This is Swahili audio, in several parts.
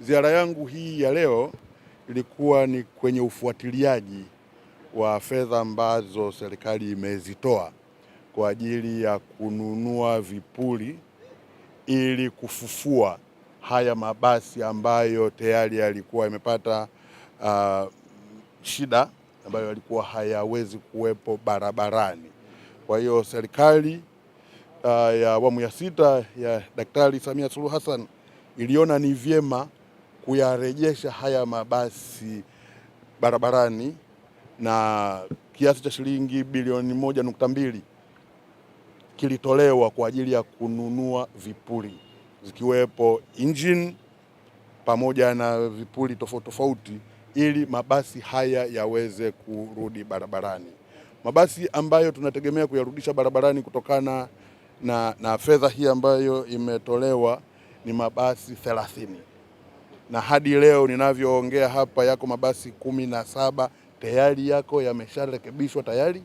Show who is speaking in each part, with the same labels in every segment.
Speaker 1: Ziara yangu hii ya leo ilikuwa ni kwenye ufuatiliaji wa fedha ambazo serikali imezitoa kwa ajili ya kununua vipuri ili kufufua haya mabasi ambayo tayari yalikuwa yamepata uh, shida ambayo yalikuwa hayawezi kuwepo barabarani. Kwa hiyo serikali uh, ya awamu ya sita ya Daktari Samia Suluhu Hassan iliona ni vyema kuyarejesha haya mabasi barabarani na kiasi cha shilingi bilioni moja nukta mbili kilitolewa kwa ajili ya kununua vipuri zikiwepo injini pamoja na vipuri tofauti tofauti ili mabasi haya yaweze kurudi barabarani. Mabasi ambayo tunategemea kuyarudisha barabarani kutokana na, na fedha hii ambayo imetolewa ni mabasi thelathini na hadi leo ninavyoongea hapa yako mabasi kumi na saba tayari yako yamesharekebishwa, tayari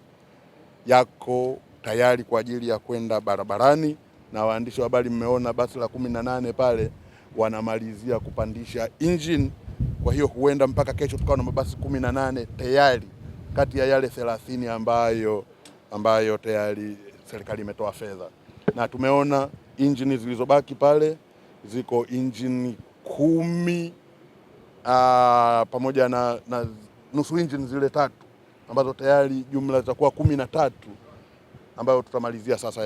Speaker 1: yako tayari kwa ajili ya kwenda barabarani, na waandishi wa habari mmeona basi la kumi na nane pale wanamalizia kupandisha injini. Kwa hiyo huenda mpaka kesho tukawa na mabasi kumi na nane tayari kati ya yale thelathini ambayo, ambayo tayari serikali imetoa fedha, na tumeona injini zilizobaki pale ziko injini kumi aa, ah, pamoja na, na nusu engine zile tatu ambazo tayari jumla zitakuwa kumi na tatu ambayo tutamalizia sasa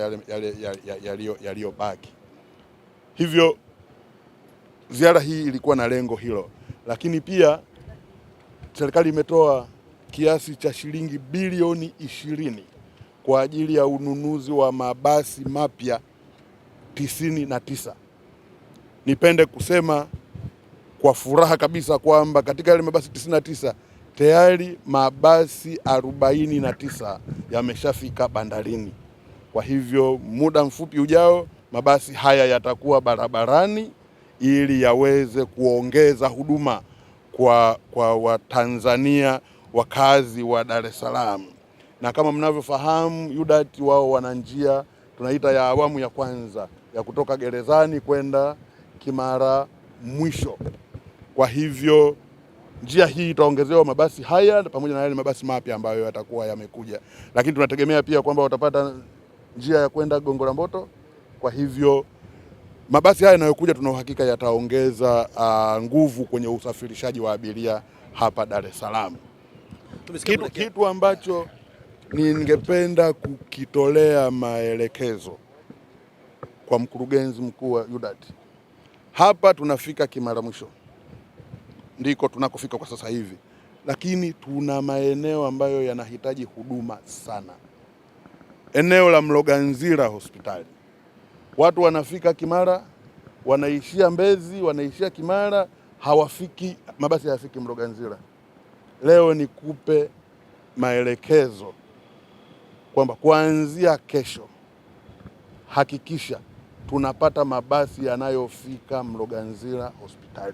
Speaker 1: yaliyobaki yale, Hivyo ziara hii ilikuwa na lengo hilo, lakini pia serikali imetoa kiasi cha shilingi bilioni ishirini kwa ajili ya ununuzi wa mabasi mapya tisini na tisa nipende kusema kwa furaha kabisa kwamba katika yale mabasi 99 tayari mabasi 49 yameshafika bandarini. Kwa hivyo muda mfupi ujao mabasi haya yatakuwa barabarani ili yaweze kuongeza huduma kwa, kwa Watanzania wakazi wa Dar es Salaam. Na kama mnavyofahamu Yudati wao wana njia tunaita ya awamu ya kwanza ya kutoka gerezani kwenda Kimara mwisho. Kwa hivyo njia hii itaongezewa mabasi haya pamoja na yale mabasi mapya ambayo yatakuwa yamekuja, lakini tunategemea pia kwamba watapata njia ya kwenda Gongo la Mboto. Kwa hivyo mabasi haya yanayokuja tuna uhakika yataongeza uh, nguvu kwenye usafirishaji wa abiria hapa Dar es Salaam. Kitu, kitu ambacho ningependa kukitolea maelekezo kwa mkurugenzi mkuu wa UDART hapa tunafika kimara mwisho, ndiko tunakofika kwa sasa hivi, lakini tuna maeneo ambayo yanahitaji huduma sana. Eneo la Mloganzila hospitali, watu wanafika Kimara, wanaishia Mbezi, wanaishia Kimara, hawafiki mabasi hayafiki Mloganzila. Leo nikupe maelekezo kwamba kuanzia kesho hakikisha tunapata mabasi yanayofika Mloganzila hospitali.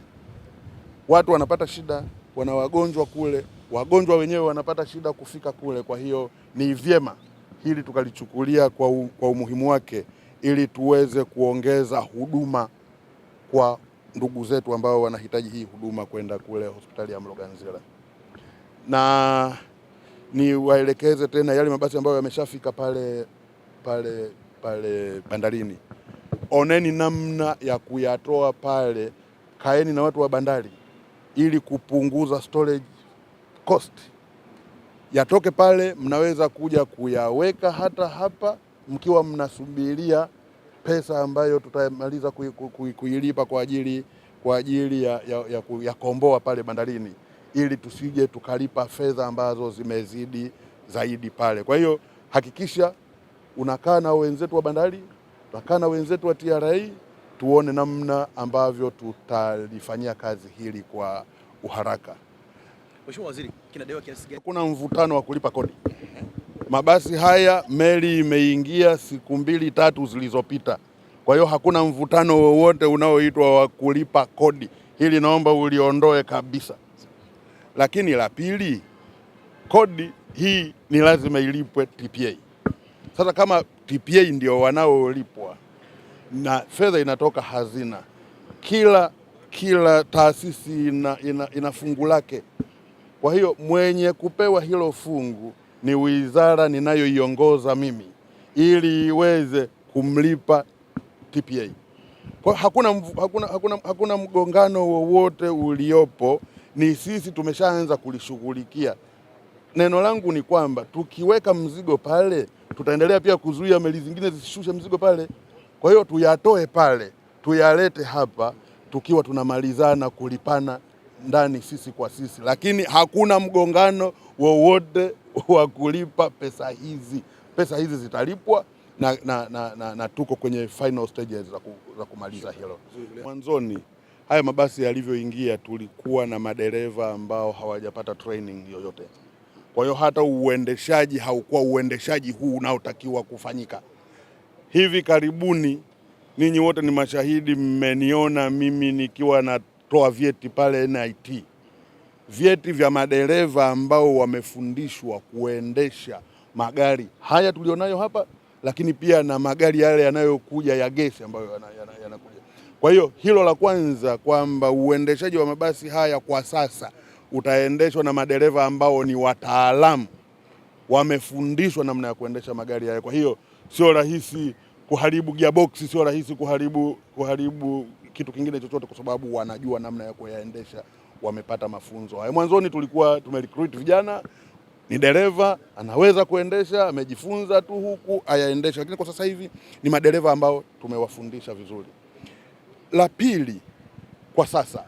Speaker 1: Watu wanapata shida, wana wagonjwa kule, wagonjwa wenyewe wanapata shida kufika kule. Kwa hiyo ni vyema hili tukalichukulia kwa, u, kwa umuhimu wake ili tuweze kuongeza huduma kwa ndugu zetu ambao wanahitaji hii huduma kwenda kule hospitali ya Mloganzila. Na niwaelekeze tena yale mabasi ambayo yameshafika pale pale pale bandarini oneni namna ya kuyatoa pale, kaeni na watu wa bandari ili kupunguza storage cost, yatoke pale, mnaweza kuja kuyaweka hata hapa mkiwa mnasubiria pesa ambayo tutamaliza kuilipa kui, kui kwa ajili, kwa ajili ya, ya, ya, ya komboa pale bandarini ili tusije tukalipa fedha ambazo zimezidi zaidi pale. Kwa hiyo hakikisha unakaa na wenzetu wa bandari tutakana wenzetu wa TRA tuone namna ambavyo tutalifanyia kazi hili kwa uharaka.
Speaker 2: Mheshimiwa Waziri, kinadaiwa kiasi gani?
Speaker 1: Kuna mvutano wa kulipa kodi. Mabasi haya meli imeingia siku mbili tatu zilizopita, kwa hiyo hakuna mvutano wowote unaoitwa wa kulipa kodi. Hili naomba uliondoe kabisa. Lakini la pili, kodi hii ni lazima ilipwe TPA. Sasa kama TPA ndio wanaolipwa na fedha inatoka hazina, kila kila taasisi ina, ina, ina fungu lake. Kwa hiyo mwenye kupewa hilo fungu ni wizara ninayoiongoza mimi ili iweze kumlipa TPA. Kwa hakuna, hakuna, hakuna, hakuna mgongano wowote uliopo, ni sisi tumeshaanza kulishughulikia neno langu ni kwamba tukiweka mzigo pale, tutaendelea pia kuzuia meli zingine zisishushe mzigo pale. Kwa hiyo tuyatoe pale, tuyalete hapa, tukiwa tunamalizana kulipana ndani sisi kwa sisi, lakini hakuna mgongano wowote wa kulipa pesa hizi. Pesa hizi zitalipwa na, na, na, na, na tuko kwenye final stages za, ku, za kumaliza hilo. Mwanzoni haya mabasi yalivyoingia, tulikuwa na madereva ambao hawajapata training yoyote. Kwa hiyo hata uendeshaji haukuwa uendeshaji huu unaotakiwa kufanyika. Hivi karibuni, ninyi wote ni mashahidi, mmeniona mimi nikiwa natoa vyeti pale NIT, vyeti vya madereva ambao wamefundishwa kuendesha magari haya tulionayo hapa, lakini pia na magari yale yanayokuja ya gesi ambayo yanakuja Kwa hiyo hilo la kwanza, kwamba uendeshaji wa mabasi haya kwa sasa utaendeshwa na madereva ambao ni wataalamu, wamefundishwa namna ya kuendesha magari hayo. Kwa hiyo sio rahisi kuharibu gearbox, sio rahisi kuharibu, kuharibu kitu kingine chochote, kwa sababu wanajua namna ya kuyaendesha, wamepata mafunzo hayo. Mwanzoni tulikuwa tumerecruit vijana, ni dereva anaweza kuendesha, amejifunza tu huku ayaendesha, lakini kwa sasa hivi ni madereva ambao tumewafundisha vizuri. La pili, kwa sasa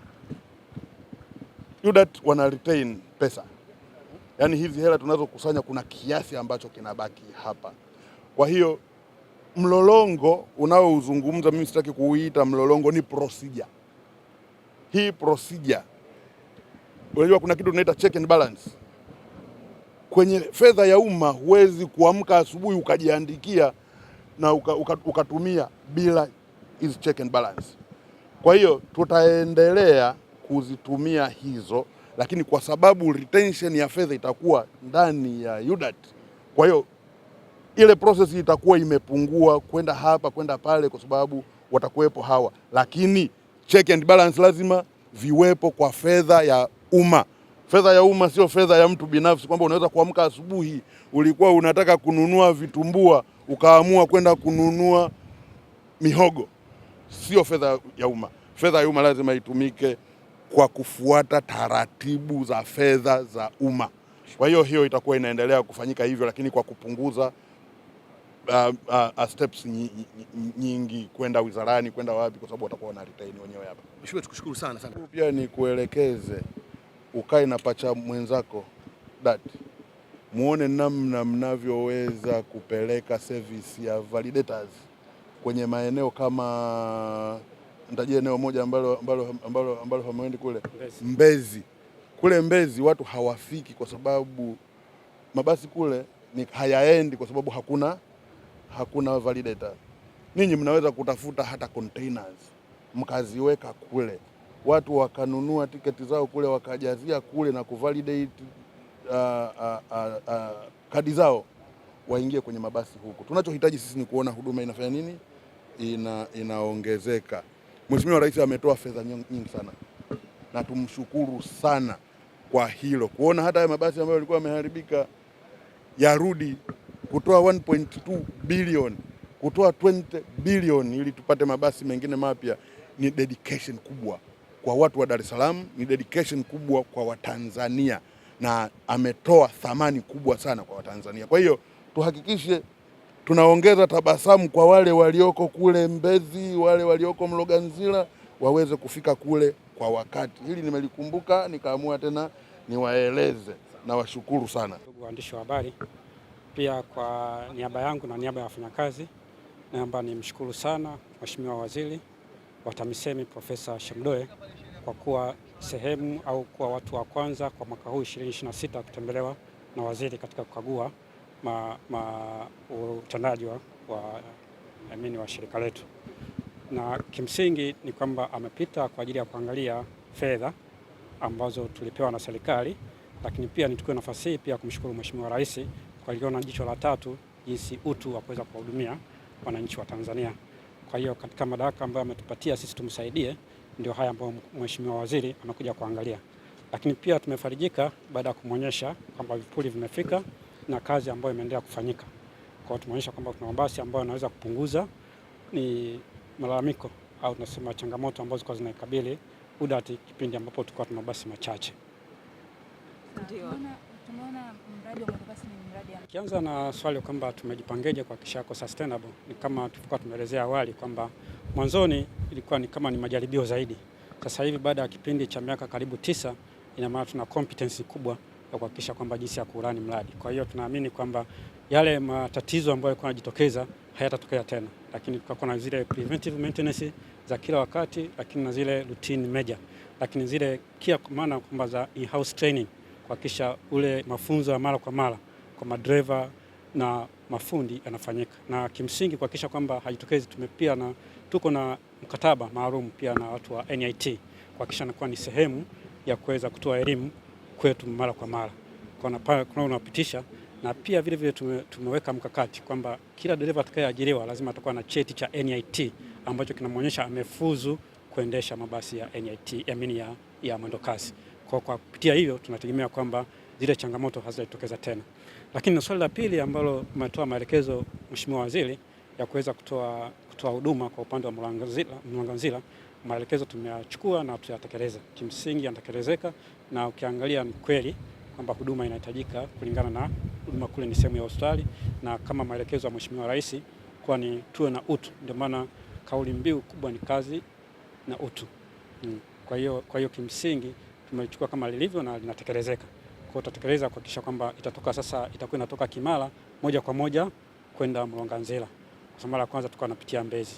Speaker 1: UDART wana retain pesa, yaani hizi hela tunazokusanya kuna kiasi ambacho kinabaki hapa. Kwa hiyo mlolongo unaouzungumza mimi sitaki kuuita mlolongo, ni procedure. Hii procedure, unajua kuna kitu tunaita check and balance kwenye fedha ya umma. Huwezi kuamka asubuhi ukajiandikia na ukatumia uka, uka bila is check and balance. Kwa hiyo tutaendelea kuzitumia hizo, lakini kwa sababu retention ya fedha itakuwa ndani ya UDART, kwa hiyo ile process itakuwa imepungua kwenda hapa kwenda pale, kwa sababu watakuwepo hawa, lakini check and balance lazima viwepo kwa fedha ya umma. Fedha ya umma sio fedha ya mtu binafsi, kwamba unaweza kuamka asubuhi ulikuwa unataka kununua vitumbua ukaamua kwenda kununua mihogo. Sio fedha ya umma. Fedha ya umma lazima itumike kwa kufuata taratibu za fedha za umma. Kwa hiyo hiyo itakuwa inaendelea kufanyika hivyo, lakini kwa kupunguza uh, uh, uh steps nyingi kwenda wizarani kwenda wapi, kwa sababu watakuwa na retain wenyewe hapa. Mheshimiwa,
Speaker 2: tukushukuru sana sana.
Speaker 1: Pia kuelekeze ukae na pacha mwenzako dati muone namna mnavyoweza kupeleka service ya validators kwenye maeneo kama nitajia eneo moja ambalo, ambalo, ambalo, ambalo hamwendi kule Mbezi. Mbezi kule Mbezi watu hawafiki kwa sababu mabasi kule ni hayaendi kwa sababu hakuna, hakuna validator. Ninyi mnaweza kutafuta hata containers mkaziweka kule, watu wakanunua tiketi zao kule wakajazia kule na kuvalidate uh, uh, uh, uh, kadi zao waingie kwenye mabasi huku. Tunachohitaji sisi ni kuona huduma inafanya nini, ina, inaongezeka. Mheshimiwa Rais ametoa fedha nyingi sana na tumshukuru sana kwa hilo, kuona hata haya mabasi ambayo yalikuwa yameharibika yarudi, kutoa 1.2 bilioni, kutoa 20 bilioni ili tupate mabasi mengine mapya, ni dedication kubwa kwa watu wa Dar es Salaam, ni dedication kubwa kwa Watanzania na ametoa thamani kubwa sana kwa Watanzania. Kwa hiyo tuhakikishe tunaongeza tabasamu kwa wale walioko kule Mbezi, wale walioko Mloganzila waweze kufika kule kwa wakati. Hili nimelikumbuka nikaamua tena niwaeleze na washukuru sana ndugu waandishi
Speaker 2: wa habari. Pia kwa niaba yangu na niaba ya wafanyakazi, naomba nimshukuru sana Mheshimiwa Waziri wa TAMISEMI Profesa Shemdoe kwa kuwa sehemu au kuwa watu wa kwanza kwa mwaka huu 2026 kutembelewa na waziri katika kukagua ma, ma utendaji wa, I wa shirika letu, na kimsingi ni kwamba amepita kwa ajili ya kuangalia fedha ambazo tulipewa na serikali, lakini pia nichukue nafasi hii pia kumshukuru Mheshimiwa Rais kwa iliona jicho la tatu jinsi utu wa kuweza kuwahudumia wananchi wa Tanzania. Kwa hiyo katika madaraka ambayo ametupatia sisi tumsaidie, ndio haya ambayo Mheshimiwa Waziri amekuja kuangalia, lakini pia tumefarijika baada ya kumwonyesha kwamba vipuli vimefika na kazi ambayo imeendelea kufanyika. Kwa hiyo tumeonyesha kwamba kuna mabasi ambayo yanaweza kupunguza ni malalamiko au tunasema changamoto ambazo zilikuwa zinaikabili UDART kipindi ambapo tulikuwa tuna mabasi machache. Kianza na swali kwamba tumejipangeje kuhakikisha yako sustainable, ni kama tulikuwa tumeelezea awali kwamba mwanzoni ilikuwa ni kama ni majaribio zaidi. Sasa hivi baada ya kipindi cha miaka karibu tisa, ina maana tuna competence kubwa ya kuhakikisha kwamba jinsi ya kurani mradi. Kwa hiyo tunaamini kwamba yale matatizo ambayo yalikuwa yanajitokeza hayatatokea tena, lakini tukakuwa na zile preventive maintenance za kila wakati, lakini na zile routine major, lakini zile kia maana kwamba za in-house training kuhakikisha ule mafunzo ya mara kwa mara kwa madereva na mafundi yanafanyika na kimsingi kuhakikisha kwamba hajitokezi. Tumepia na tuko na mkataba maalum pia na watu wa NIT kuhakikisha nakuwa ni sehemu ya kuweza kutoa elimu kwetu mara kwa mara, unapitisha na pia vile vile tume, tumeweka mkakati kwamba kila dereva atakayeajiriwa lazima atakuwa na cheti cha NIT ambacho kinamwonyesha amefuzu kuendesha mabasi ya NIT, ya, ya, ya mwendokasi. Kwa kupitia hivyo tunategemea kwamba zile changamoto hazitajitokeza tena. Lakini na swali la pili ambalo umetoa maelekezo Mheshimiwa Waziri ya kuweza kutoa huduma kwa upande wa Mlanganzila maelekezo tumeyachukua na tutayatekeleza. Kimsingi yanatekelezeka na ukiangalia ni kweli kwamba huduma inahitajika kulingana na huduma kule ni sehemu ya hospitali, na kama maelekezo ya Mheshimiwa Rais kuwa ni tuwe na utu, ndio maana kauli mbiu kubwa ni kazi na utu. Mm. Kwa hiyo kwa hiyo kimsingi tumechukua kama lilivyo na linatekelezeka. Kwa hiyo tutatekeleza kuhakikisha kwamba itatoka sasa, itakuwa inatoka Kimara moja kwa moja kwenda Mloganzila. Kwa mara ya kwanza tukawa napitia Mbezi.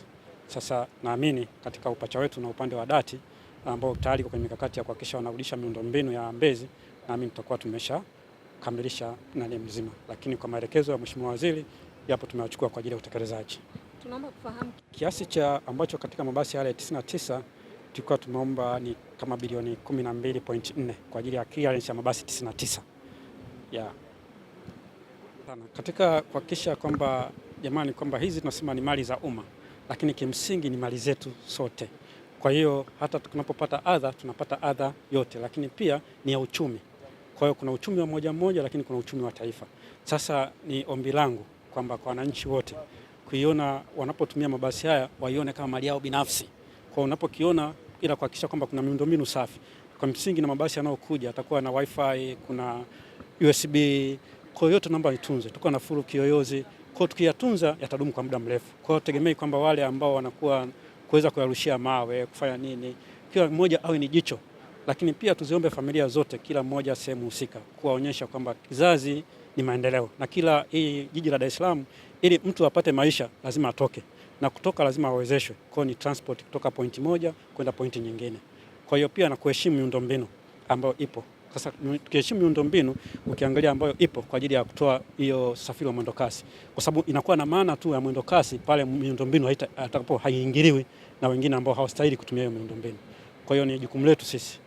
Speaker 2: Sasa naamini katika upacha wetu na upande wa dati ambao tayari kwenye mikakati ya kuhakikisha wanarudisha miundombinu ya Mbezi, naamini tutakuwa tumeshakamilisha nani mzima, lakini kwa maelekezo ya Mheshimiwa Waziri yapo tumewachukua kwa ajili ya utekelezaji.
Speaker 3: Tunaomba kufahamu kiasi
Speaker 2: cha ambacho katika mabasi yale 99 tulikuwa tumeomba ni kama bilioni 12.4 kwa ajili ya clearance ya mabasi 99 yeah. Katika kuhakikisha kwamba jamani, kwamba hizi tunasema ni mali za umma lakini kimsingi ni mali zetu sote. Kwa hiyo hata tunapopata adha tunapata adha yote, lakini pia ni ya uchumi. Kwa hiyo kuna uchumi wa moja mmoja, lakini kuna uchumi wa taifa. Sasa ni ombi langu kwamba kwa wananchi wote kuiona wanapotumia mabasi haya waione kama mali yao binafsi, kwa unapokiona, ila kuhakikisha kwamba kuna miundombinu safi kwa msingi, na mabasi yanayokuja atakuwa na wifi, kuna USB, kwa hiyo yote naomba itunze, tuko na furu kiyoyozi kwa tukiyatunza yatadumu kwa muda mrefu. Kwa hiyo tegemei kwamba wale ambao wanakuwa kuweza kuyarushia mawe, kufanya nini, kila mmoja awe ni jicho. Lakini pia tuziombe familia zote, kila mmoja sehemu husika, kuwaonyesha kwamba kizazi ni maendeleo na kila hii jiji la Dar es Salaam, ili mtu apate maisha lazima atoke na kutoka lazima awezeshwe. Kwa ni transport kutoka pointi moja kwenda pointi nyingine. Kwa hiyo pia na kuheshimu miundombinu ambayo ipo. Sasa tukiheshimu miundo miundombinu ukiangalia ambayo ipo kwa ajili ya kutoa hiyo usafiri wa mwendokasi, kwa sababu inakuwa na maana tu ya mwendokasi pale mbinu atakapo haiingiliwi na wengine ambao hawastahili kutumia hiyo mbinu. Kwa hiyo ni jukumu letu sisi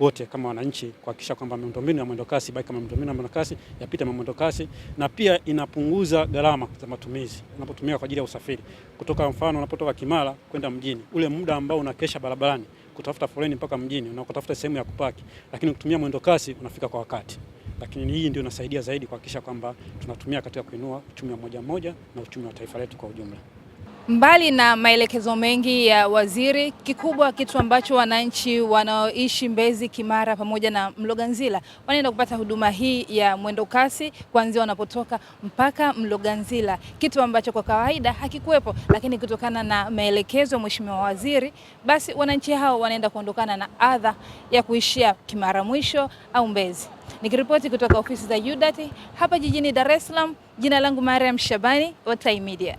Speaker 2: wote kama wananchi kuhakikisha kwamba miundombinu ya mwendokasi baki kama miundombinu ya mwendokasi yapite mwendokasi, na pia inapunguza gharama za matumizi unapotumia kwa ajili ya usafiri, kutoka mfano unapotoka Kimara kwenda mjini, ule muda ambao unakesha barabarani kutafuta foleni mpaka mjini na kutafuta sehemu ya kupaki, lakini ukitumia mwendo kasi unafika kwa wakati. Lakini hii ndio inasaidia zaidi kuhakikisha kwamba tunatumia katika kuinua uchumi wa moja moja na uchumi wa taifa letu kwa ujumla.
Speaker 3: Mbali na maelekezo mengi ya waziri, kikubwa kitu ambacho wananchi wanaoishi Mbezi, Kimara pamoja na Mloganzila wanaenda kupata huduma hii ya mwendo kasi kuanzia wanapotoka mpaka Mloganzila, kitu ambacho kwa kawaida hakikuwepo, lakini kutokana na maelekezo ya Mheshimiwa Waziri, basi wananchi hao wanaenda kuondokana na adha ya kuishia Kimara mwisho au Mbezi. Nikiripoti kutoka ofisi za UDART hapa jijini Dar es Salaam, jina langu Mariam Shabani wa Time Media.